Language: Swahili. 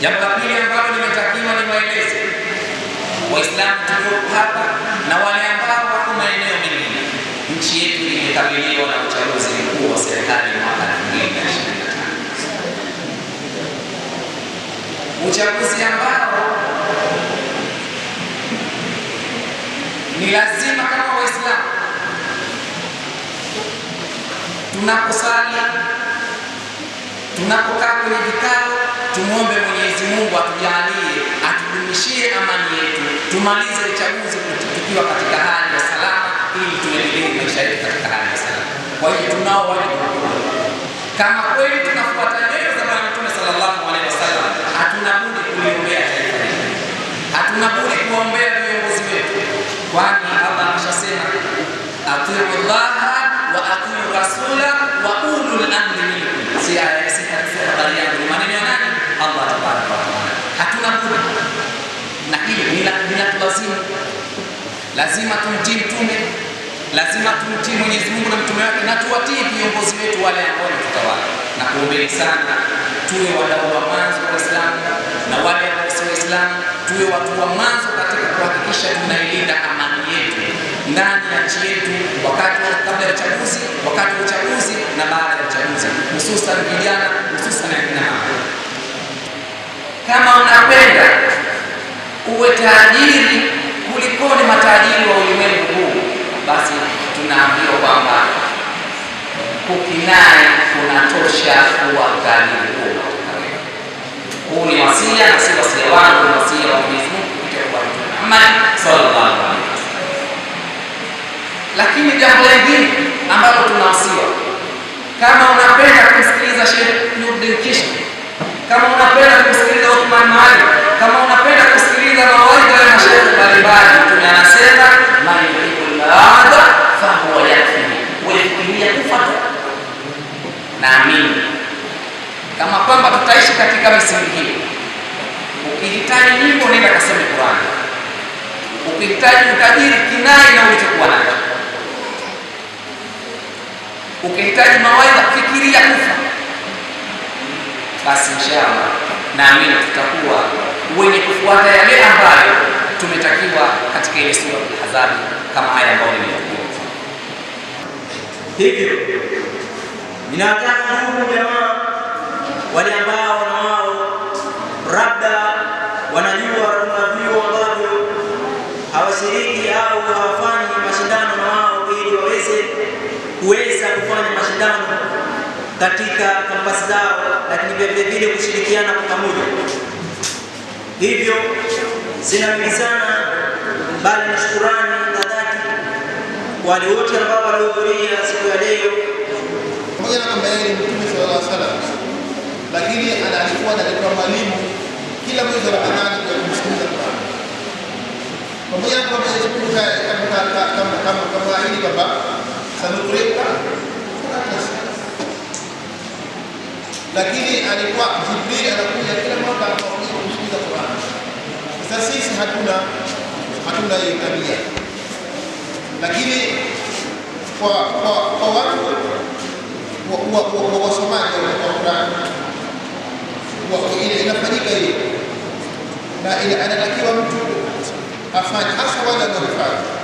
Jambo la pili ambalo limetakiwa ni maelezo. Waislamu tuko hapa na wale ambao wako maeneo mengine. Nchi yetu imekabiliwa na uchaguzi mkuu wa serikali mwaka 2025. Uchaguzi ambao ni lazima kama Waislamu tunaposali, tunapokaa kwenye vikao, tumwombe Mwenyezi Mungu atujalie, atudumishie amani yetu, tumalize uchaguzi tukiwa katika hali ya salama, ili tuendelee maisha yetu katika hali ya salama. Kwa hiyo tunao wajibu kama kweli tunafuata neno za Bwana Mtume sallallahu alaihi wasallam, hatuna budi kuliombea taifa letu, hatuna budi kuombea viongozi wetu, kwani Allah ameshasema atiu llaha wa atiu rasula wa ulul amri minkum. lazima lazima tumtii mtume, lazima tumtii Mwenyezi Mungu na mtume wake, na tuwatii viongozi wetu wale ambao wanatutawala. Na kuombeni sana tuwe wadau wa mwanzo wa Uislamu na wale ambao si Waislamu tuwe watu wa mwanzo katika kuhakikisha tunailinda amani yetu ndani ya nchi yetu, wakati kabla ya uchaguzi, wakati wa uchaguzi na baada ya uchaguzi, hususan vijana, hususan akina mama. Kama unapenda uwe tajiri utajiri wa ulimwengu huu, basi tunaambiwa kwamba kukinai kunatosha kuwa dhalimu huo. Huu ni wasia na si wasia wangu, ni wasia wa Mwenyezi Mungu kupitia kwa Mtume Muhammad sallallahu alaihi wasallam. Lakini jambo lingine ambalo tunawasiwa, kama unapenda kumsikiliza Sheikh Nurdin Kishki, kama unapenda kumsikiliza Uthman Maalim naamini kama kwamba tutaishi katika misingi hiyo. Ukihitaji nyimbo, nenda kaseme Qur'an. Ukihitaji utajiri, kinai na ulichokuwa nacho. Ukihitaji mawaidha, fikiria kufa. Basi inshallah, naamini tutakuwa wenye kufuata yale ambayo tumetakiwa katika ile sura ya kama haya ambayo nimeyazungumza hivyo Ninataka ndugu jamaa wale ambao na wao labda wanajua vitu ambavyo hawashiriki au hawafanyi mashindano na wao, ili waweze kuweza kufanya mashindano katika kampasi zao, lakini vile vile kushirikiana kwa pamoja. Hivyo zinamilizana, bali na shukurani na dhati wale wote ambao walihudhuria siku ya leo pamoja na kwamba yeye ni Mtume sallallahu alaihi wasallam, lakini alikuwa analetewa mwalimu kila mwezi wa Ramadhani kwa kumsikiliza Qur'an, pamoja na kwamba yeye kama ahidi kwamba sanukurika, lakini alikuwa Jibril anakuja kila mwaka kumsikiliza Qur'an. Sasa sisi hatuna hatuna hiyo tabia, lakini kwa kwa watu wa wasomaji wa Qur'an, inafanyika hiyo na anatakiwa mtu afanye hasa wale wanaofanya